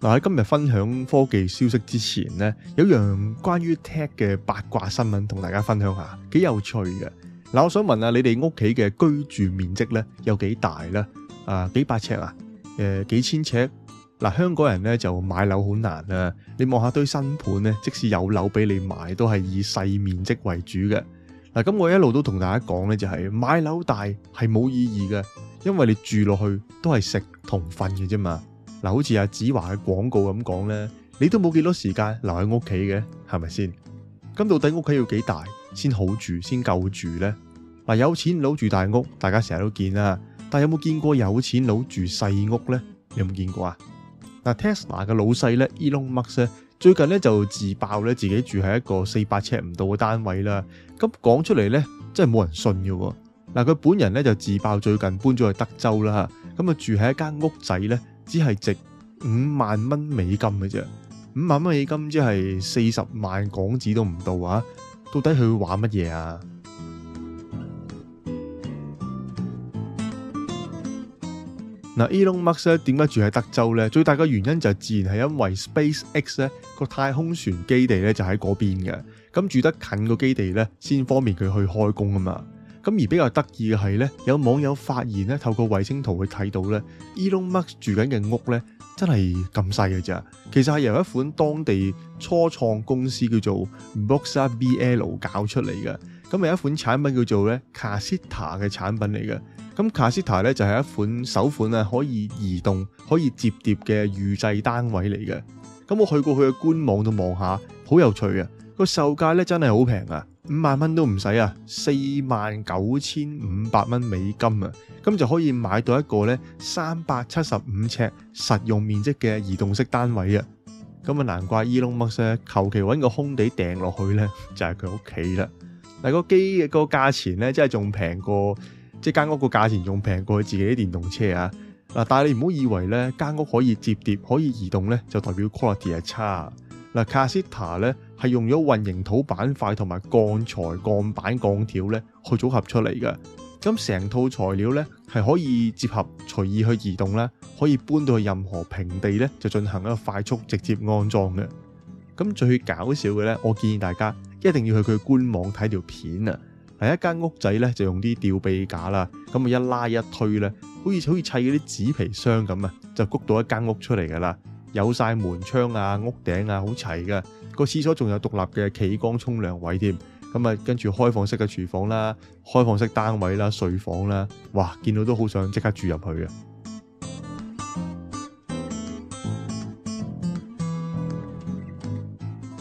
嗱，喺今日分享科技消息之前呢，有樣關於 tech 嘅八卦新聞同大家分享下，幾有趣嘅。嗱，我想問下你哋屋企嘅居住面積呢，有幾大呢？啊，幾百尺啊？誒，幾千尺？嗱，香港人呢就買樓好難啊！你望下堆新盤呢，即使有樓俾你買，都係以細面積為主嘅。嗱，咁我一路都同大家講呢，就係買樓大係冇意義嘅，因為你住落去都係食同瞓嘅啫嘛。嗱，好似阿子華嘅廣告咁講呢，你都冇幾多時間留喺屋企嘅，係咪先？咁到底屋企要幾大先好住，先夠住呢？嗱，有錢佬住大屋，大家成日都見啦，但有冇見過有錢佬住細屋呢？你有冇見過啊？嗱，Tesla 嘅老細呢 Elon Musk 咧，最近呢就自爆咧自己住喺一個四百尺唔到嘅單位啦。咁講出嚟呢，真係冇人信嘅。嗱，佢本人呢就自爆最近搬咗去德州啦，咁啊住喺一間屋仔呢。只係值五萬蚊美金嘅啫，五萬蚊美金即係四十萬港紙都唔到啊！到底佢會玩乜嘢啊？嗱 ，Elon Musk 點解住喺德州呢？最大嘅原因就自然係因為 SpaceX 咧個太空船基地咧就喺嗰邊嘅，咁住得近個基地咧先方便佢去開工啊嘛。咁而比較得意嘅係呢有網友發現呢透過衛星圖去睇到呢 Elon Musk 住緊嘅屋呢真係咁細嘅咋。其實係由一款當地初創公司叫做 Boxer BL 搞出嚟嘅。咁有一款產品叫做呢 Casita 嘅產品嚟嘅。咁 Casita 呢就係一款首款啊可以移動、可以摺疊嘅預製單位嚟嘅。咁我去過佢嘅官網度望下，好有趣啊！個售價呢真係好平啊！五萬蚊都唔使啊，四萬九千五百蚊美金啊，咁就可以買到一個咧三百七十五尺實用面積嘅移動式單位啊！咁、e、啊，難怪 Elon Musk 求其揾個空地掟落去咧，就係佢屋企啦。嗱、那個機嘅個價錢咧，真係仲平過即係間屋個價錢仲平過佢自己啲電動車啊！嗱，但係你唔好以為咧間屋可以摺疊可以移動咧，就代表 quality 係差。嗱，Casita 咧。係用咗混凝土板塊同埋鋼材、鋼板、鋼條咧去組合出嚟嘅。咁成套材料咧係可以結合隨意去移動啦，可以搬到去任何平地咧就進行一個快速直接安裝嘅。咁最搞笑嘅咧，我建議大家一定要去佢官網睇條片啊！係一間屋仔咧就用啲吊臂架啦，咁啊一拉一推咧，好似好似砌嗰啲紙皮箱咁啊，就谷到一間屋出嚟噶啦。有晒門窗啊、屋頂啊，好齊㗎。個廁所仲有獨立嘅企缸沖涼位添。咁啊，跟住開放式嘅廚房啦、開放式單位啦、啊、睡房啦、啊，嘩！見到都好想即刻住入去啊！